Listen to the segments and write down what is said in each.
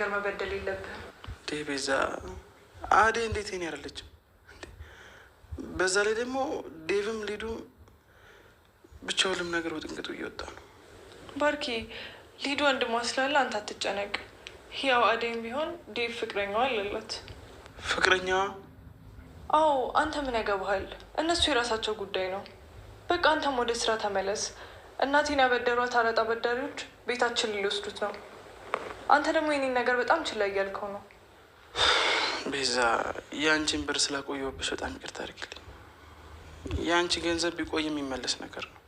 ነገር መበደል የለብህም። ቤዛ፣ አዴ እንዴት ኔ ያደለችም? በዛ ላይ ደግሞ ዴቭም ሊዱ ብቻ ሁሉም ነገር ውጥንቅጡ እየወጣ ነው። ባርኪ፣ ሊዱ ወንድሟ ስላለ አንተ አትጨነቅ። ያው አዴም ቢሆን ዴቭ ፍቅረኛዋ አለላት። ፍቅረኛዋ? አዎ። አንተ ምን ያገባሃል? እነሱ የራሳቸው ጉዳይ ነው። በቃ አንተም ወደ ስራ ተመለስ። እናቴን ያበደሯት አረጣ አበዳሪዎች ቤታችን ሊወስዱት ነው። አንተ ደግሞ የኔን ነገር በጣም ችላ እያልከው ነው። ቤዛ የአንቺን ብር ስላቆየሁብሽ በጣም ይቅርታ አድርግልኝ። የአንቺ ገንዘብ ቢቆይ የሚመለስ ነገር ነው።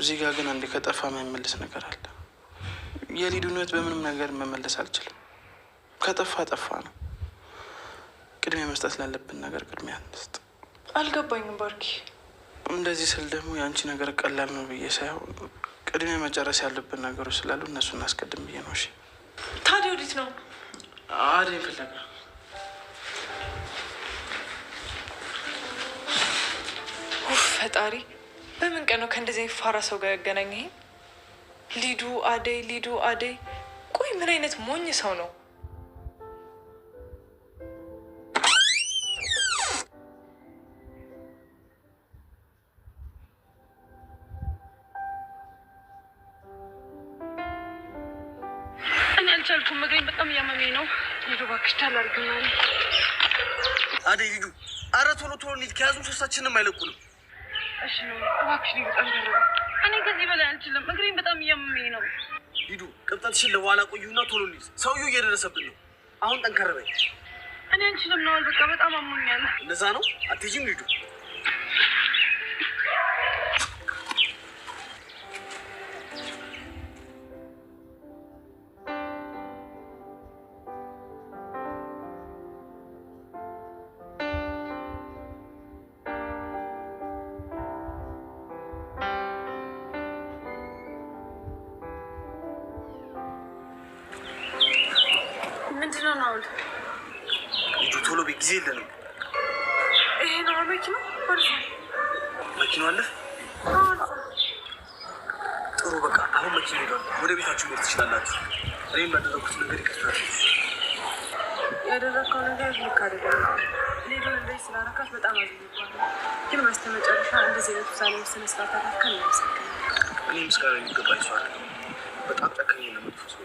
እዚህ ጋር ግን አንዴ ከጠፋ የማይመለስ ነገር አለ። የሊዱነት በምንም ነገር መመለስ አልችልም። ከጠፋ ጠፋ ነው። ቅድሚያ መስጠት ላለብን ነገር ቅድሚያ እንስጥ። አልገባኝም ባርኪ። እንደዚህ ስል ደግሞ የአንቺ ነገር ቀላል ነው ብዬ ሳይሆን ቅድሚያ መጨረስ ያለብን ነገሮች ስላሉ እነሱ እናስቀድም ብዬ ነው። እሺ ታዲያ ወዴት ነው? አደይ ፍለጋ። ፈጣሪ በምን ቀን ነው ከእንደዚህ ፋራ ሰው ጋር ያገናኘኝ? ሊዱ አደይ፣ ሊዱ አደይ። ቆይ ምን አይነት ሞኝ ሰው ነው? አልቻልኩም። እግሬ በጣም እያመመኝ ነው። ሂዱ እባክሽ ታላርግናል። አደይ ሂዱ። ኧረ ቶሎ ቶሎ እንሂድ፣ ከያዙን ሶስታችንም አይለቁንም። እሺ ነው እባክሽ። በጣም እኔ ከዚህ በላይ አልችልም። እግሬን በጣም እያመመኝ ነው። ሂዱ። ቅብጠትሽን ለበኋላ ቆዩና ቶሎ እንሂድ። ሰውዬው እየደረሰብን ነው። አሁን ጠንከር በይ። እኔ አንችልም ነዋል። በቃ በጣም አሞኛል። እንደዛ ነው። አትሄጂም? ሂዱ ጊዜ የለንም። ይሄ ነው መኪና መኪና አለ። ጥሩ በቃ አሁን መኪና ሄዷል። ወደ ቤታችሁ መሄድ ትችላላችሁ። እኔም ያደረኩት ነገር ይቀርታል። ያደረግከው ነገር ልክ ሌሎን ሌሎ ስላረካት በጣም አዝኝባል። ግን በስተመጨረሻ እንደዚህ አይነት ውሳኔ ውስጥ መስራት አካከል ነው። እኔ ምስጋና የሚገባ ይሰዋል። በጣም ጨካኝ ነው መጥፎ ሰው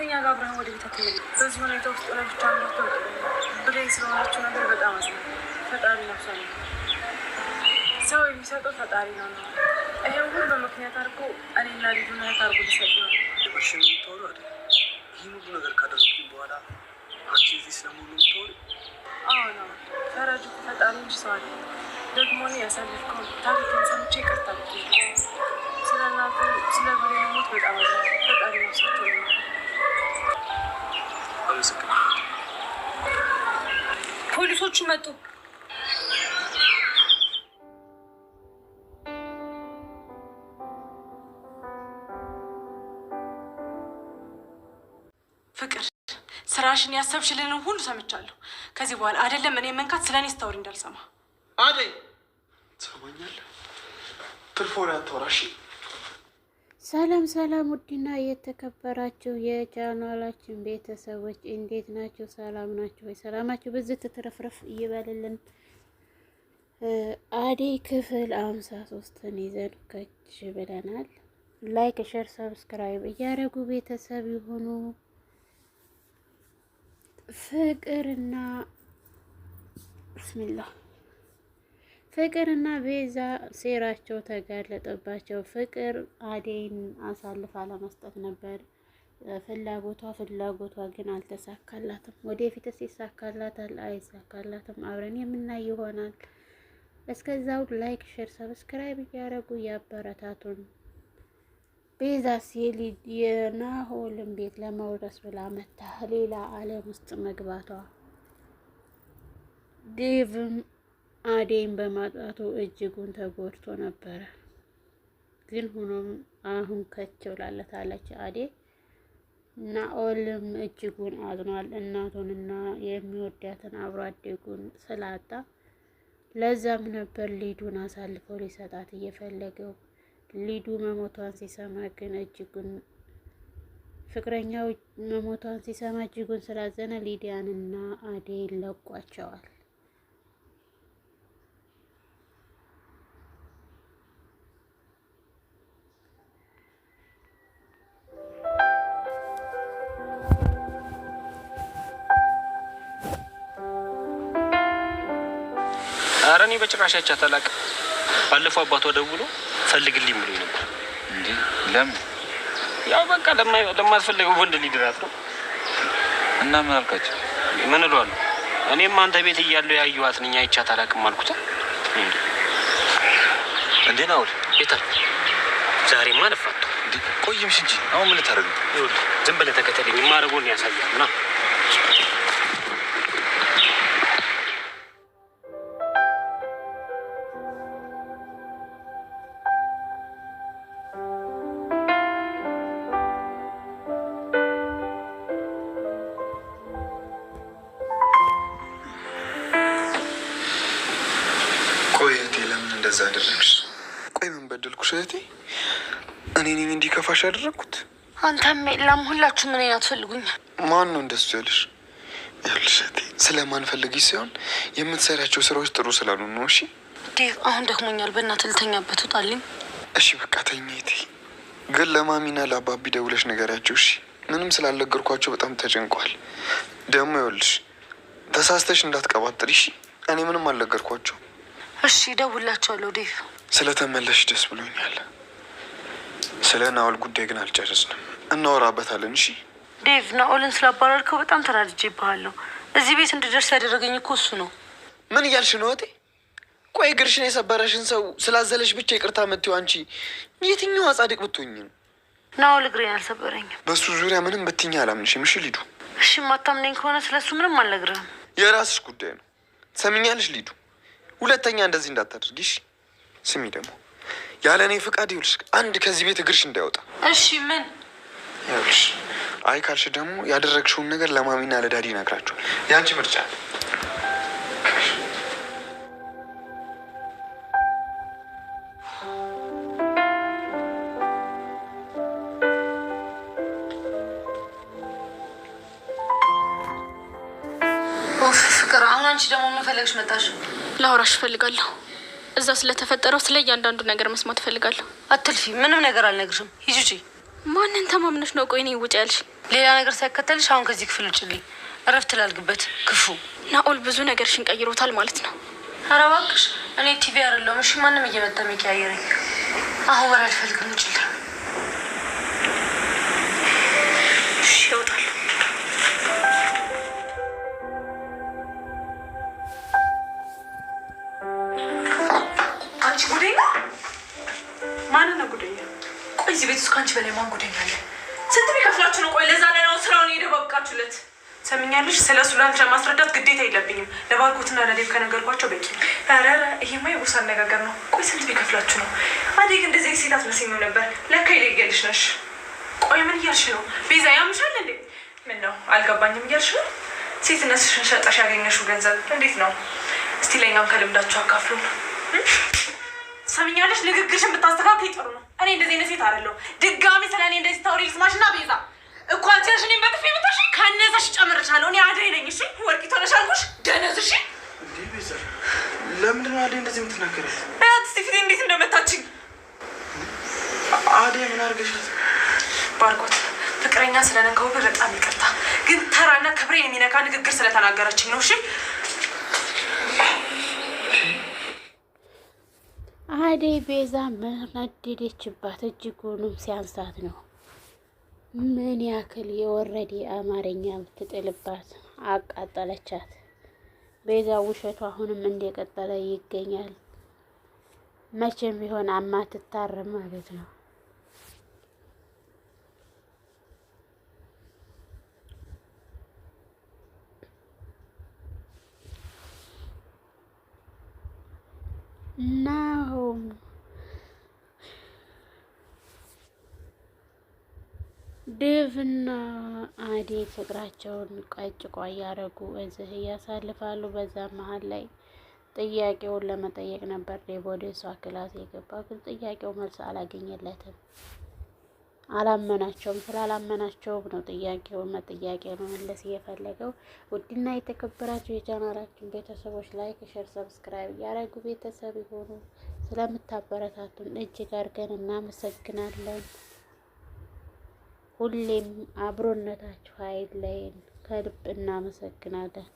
ከኛ ጋር አብረን ወደ ቤት አትሄድ። በዚህ ሁኔታ ውስጥ ለብቻ ምርቶ ብሬን ስለሆናቸው ነገር በጣም አዝ ፈጣሪ ነፍሰ ሰው የሚሰጠው ፈጣሪ ነው ነው። ይሄ ሁሉ ምክንያት አድርጎ እኔና ልጁ ምክንያት አድርጎ ሊሰጥ ነው። ሽሽ የምታወሩ ይህን ሁሉ ነገር ካደረግኩኝ በኋላ አንቺ እዚህ ስለመሆኑ የምታወሩ አዎ ነው። ፈጣሪ እንጂ ሰው አለ ደግሞ እኔ ያሳልፍከው ታሪክን ሰምቼ ይቅርታ ብትሄድ ስለእናቱ ስለ ብሬን ሞት በጣም ፈጣሪ ነፍሳቸው ነው ፖሊሶች መጡ። ፍቅር ስራሽን ያሰብሽልን ሁሉ ሰምቻለሁ። ከዚህ በኋላ አይደለም እኔ መንካት ስለ እኔ ስታወሪ እንዳልሰማ አደይ ትሰማኛለህ። ትርፎ አታውራሽ ሰላም ሰላም ውድና የተከበራችሁ የቻናላችን ቤተሰቦች እንዴት ናችሁ? ሰላም ናችሁ ወይ? ሰላማችሁ ብዙ ትትረፍረፍ ይበልልን። አደይ ክፍል አምሳ ሶስትን ይዘን ከች ብለናል። ላይክ፣ ሸር፣ ሰብስክራይብ እያደረጉ ቤተሰብ የሆኑ ፍቅርና ብስሚላህ ፍቅርና ቤዛ ሴራቸው ተጋለጠባቸው። ፍቅር አዴይን አሳልፋ ለመስጠት ነበር ፍላጎቷ ፍላጎቷ ግን አልተሳካላትም። ወደፊትስ ይሳካላታል አይሳካላትም አብረን የምናይ ይሆናል። እስከዛው ላይክ፣ ሼር፣ ሰብስክራይብ እያደረጉ ያበረታቱን። ቤዛ ሲል የናሆልን ቤት ለመውረስ ብላ መታ ሌላ ዓለም ውስጥ መግባቷ ዴቭም አዴይን በማጣቱ እጅጉን ተጎድቶ ነበረ። ግን ሆኖም አሁን ከች ብላለታለች አዴ ናኦልም እጅጉን አዝኗል። እናቱንና የሚወዳትን አብሮ አደጉን ስላጣ ለዛም ነበር ሊዱን አሳልፎ ሊሰጣት እየፈለገው። ሊዱ መሞቷን ሲሰማ ግን እጅጉን ፍቅረኛው መሞቷን ሲሰማ እጅጉን ስላዘነ ሊዲያንና አዴ ለቋቸዋል። ኧረ እኔ በጭራሽ አይቻት አላውቅም። ባለፈው አባቷ ደውሎ ፈልግልኝ ብሎኝ ነበር። እንዴ ለምን? ያው በቃ ለማስፈለገው ወንድ ሊድራት ነው። እና ምን አልካቸው? ምን እለዋለሁ? እኔም አንተ ቤት እያለሁ ያየኋት ነኝ፣ አይቻት አላውቅም አልኩት። እንዴ ነው አውል የታል? ዛሬማ አለፋት። ቆይምሽ እንጂ አሁን ምን ልታደርግ? ዝም ብለህ ተከተለኝ፣ ማድረጎን ያሳያል ና እንደዛ አደረግሽ? ቆይ ምን በደልኩሽ እህቴ? እኔ እኔን እንዲከፋሽ ያደረግኩት? አንተም የለም ሁላችሁ ምን አይነት ፈልጉኝ። ማን ነው እንደሱ ያለሽ? ያልሽ እህቴ፣ ስለማንፈልግሽ ሲሆን የምትሰሪያቸው ስራዎች ጥሩ ስላሉ ነው። እሺ ዴቭ፣ አሁን ደክሞኛል። በእናትህ ልተኛበት ውጣልኝ። እሺ በቃ ተኝ እህቴ። ግን ለማሚና ለአባቢ ደውለሽ ንገሪያቸው እሺ። ምንም ስላልነገርኳቸው በጣም ተጨንቋል። ደግሞ ይኸውልሽ ተሳስተሽ እንዳትቀባጥሪ እሺ። እኔ ምንም አልነገርኳቸው እሺ እደውልላቸዋለሁ። ዴቭ ስለተመለሽ ደስ ብሎኛል። ስለ ናኦል ጉዳይ ግን አልጨርስንም፣ እናወራበታለን። እሺ ዴቭ፣ ናኦልን ስላባረርከው በጣም ይባሃለሁ። እዚህ ቤት እንድደርስ ያደረገኝ እኮ እሱ ነው። ምን እያልሽ ነው እቴ? ቆይ ግርሽን የሰበረሽን ሰው ስላዘለሽ ብቻ ይቅርታ መትው አንቺ የትኛዋ ጻድቅ ብትሆኝ ነው? ናኦል እግሬን አልሰበረኝም። በእሱ ዙሪያ ምንም ብትኛ አላምንሽም። እሺ ሊዱ፣ እሺ ማታምነኝ ከሆነ ስለሱ ምንም አልነግርህም። የራስሽ ጉዳይ ነው። ትሰሚኛለሽ ሊዱ ሁለተኛ እንደዚህ እንዳታደርጊሽ። ስሚ ደግሞ ያለ እኔ ፍቃድ ይኸውልሽ አንድ ከዚህ ቤት እግርሽ እንዳይወጣ እሺ። ምን ይኸውልሽ፣ አይ ካልሽ ደግሞ ያደረግሽውን ነገር ለማሚና ለዳዲ ይነግራቸዋል። የአንቺ ምርጫ ፍቅር። አሁን አንቺ ደግሞ ምን ፈለግሽ መጣሽ? ላውራሽ እፈልጋለሁ። እዛ ስለተፈጠረው ስለ እያንዳንዱ ነገር መስማት እፈልጋለሁ። አትልፊ፣ ምንም ነገር አልነግርሽም። ሂጂ ውጪ። ማንን ተማምነሽ ነው? ቆይ እኔ ውጪ ያልሽ? ሌላ ነገር ሳይከተልሽ አሁን ከዚህ ክፍል ውጭልኝ። እረፍት ላልግበት። ክፉ ናኦል ብዙ ነገርሽን ቀይሮታል ማለት ነው። ኧረ እባክሽ እኔ ቲቪ አይደለሁም እሺ። ማንም እየመጣ የሚቀያየረኝ አሁን ወሬ አልፈልግም። ውጭልኝ አንቺ ጉደኛ ማን ነው ጉደኛ? ቆይ እዚህ ቤት ውስጥ ከአንቺ በላይ ማን ጉደኛ አለ? ስንት ቢከፍላችሁ ነው? ቆይ ለዛ ላይ ነው ስራውን የደባብቃችሁለት። ሰምኛለሽ። ስለ እሱ ላንቺ ማስረዳት ግዴታ የለብኝም። ለባርኮትና ለዴብ ከነገርኳቸው በቂ ነው። ኧረ ይሄማ የቦሳ አነጋገር ነው። ቆይ ስንት ቢከፍላችሁ ነው? አዴግ እንደዚህ ሴት አትመስኝም ነበር። ለካ ይለያልሽ ነሽ። ቆይ ምን እያልሽ ነው? ቤዛ ያምሻል እንዴ? ምን ነው አልገባኝም እያልሽ ነው? ሴትነትሽን ሸጠሽ ያገኘሽው ገንዘብ እንዴት ነው? እስቲ ለኛም ከልምዳችሁ አካፍሉን። ትሰሚኛለሽ? ንግግርሽን ብታስተካክይ ጥሩ ነው። እኔ እንደዚህ አይነት ሴት አይደለሁ። ድጋሚ ስለ እኔ እንደዚህ ታወሪ ልስማሽ እና ቤዛ እኮ አንቺ ነሽ በጥፊ የምታሽ። ከነዘሽ ጨምርሻለሁ። እኔ አደይ ነኝ። እሺ ወርቂ ሆነሽ አልኩሽ። ደነዝ እሺ። ለምንድን ነው አደይ እንደዚህ የምትናገሪያት? እያት ሲፊት እንዴት እንደመታችኝ። አደይ ምን አርገሻት? ባርኮት ፍቅረኛ ስለነካሁብህ በጣም ይቅርታ፣ ግን ተራና ክብሬ የሚነካ ንግግር ስለተናገረችኝ ነው። እሺ አደይ ቤዛ መናደደችባት እጅጉንም ሲያንሳት ነው። ምን ያክል የወረዴ አማርኛ ብትጥልባት አቃጠለቻት። ቤዛ ውሸቱ አሁንም እንደቀጠለ ይገኛል። መቼም ቢሆን አማትታረም ማለት ነው። እና ዴቭና አደይ ፍቅራቸውን ቀጭቆ እያደረጉ እዚህ እያሳልፋሉ። በዛ መሀል ላይ ጥያቄውን ለመጠየቅ ነበር ዴቭ ወደ እሷ ክላስ የገባ፣ ግን ጥያቄው መልስ አላገኘለትም። አላመናቸውም። ስላላመናቸውም ነው ጥያቄውን መጥያቄ መመለስ እየፈለገው። ውድና የተከበራቸው የቻናላችን ቤተሰቦች ላይክ፣ ሸር፣ ሰብስክራይብ እያደረጉ ቤተሰብ የሆኑ ስለምታበረታቱን እጅግ አድርገን እናመሰግናለን። ሁሌም አብሮነታችሁ አይለየን። ከልብ እናመሰግናለን።